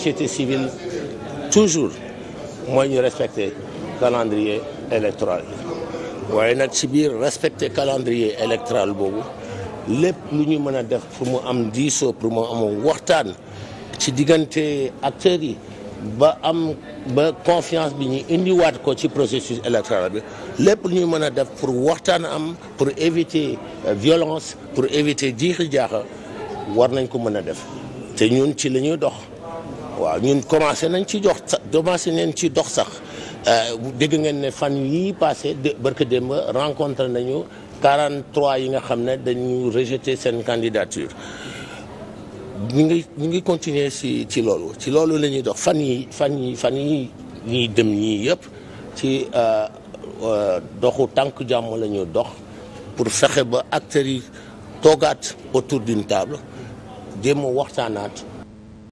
société civile toujours mooy ñu respecter calendrier électoral waaye nag ci biir respecter calendrier électoral boobu lépp lu ñu mën a def pour mu am diisoo pour mu am waxtaan ci diggante acteurs yi ba am ba confiance bi ñu indiwaat ko ci processus électoral bi lépp lu ñu mën a def pour waxtaan am pour éviter euh, violence pour éviter jiixi jaaxa war nañ ko mën a def te ñun ci la ñuy dox. waaw ñun commencé nañ ci jox sax commencé nañ ci dox sax euh, dëgg ngeen ne fan yii passé barka démb rencontré nañu 43 yi nga xam ne dañu rejeté seen candidature ñu ngi ñu ngi continuer ci ci loolu ci loolu la ñuy dox fan yi fan yi fan yi ñuy dem ñii yëpp ci euh, euh, doxu tànk jàmm la ñuy dox pour fexe ba acteurs yi toogaat autour d'une table jéem a waxtaanaat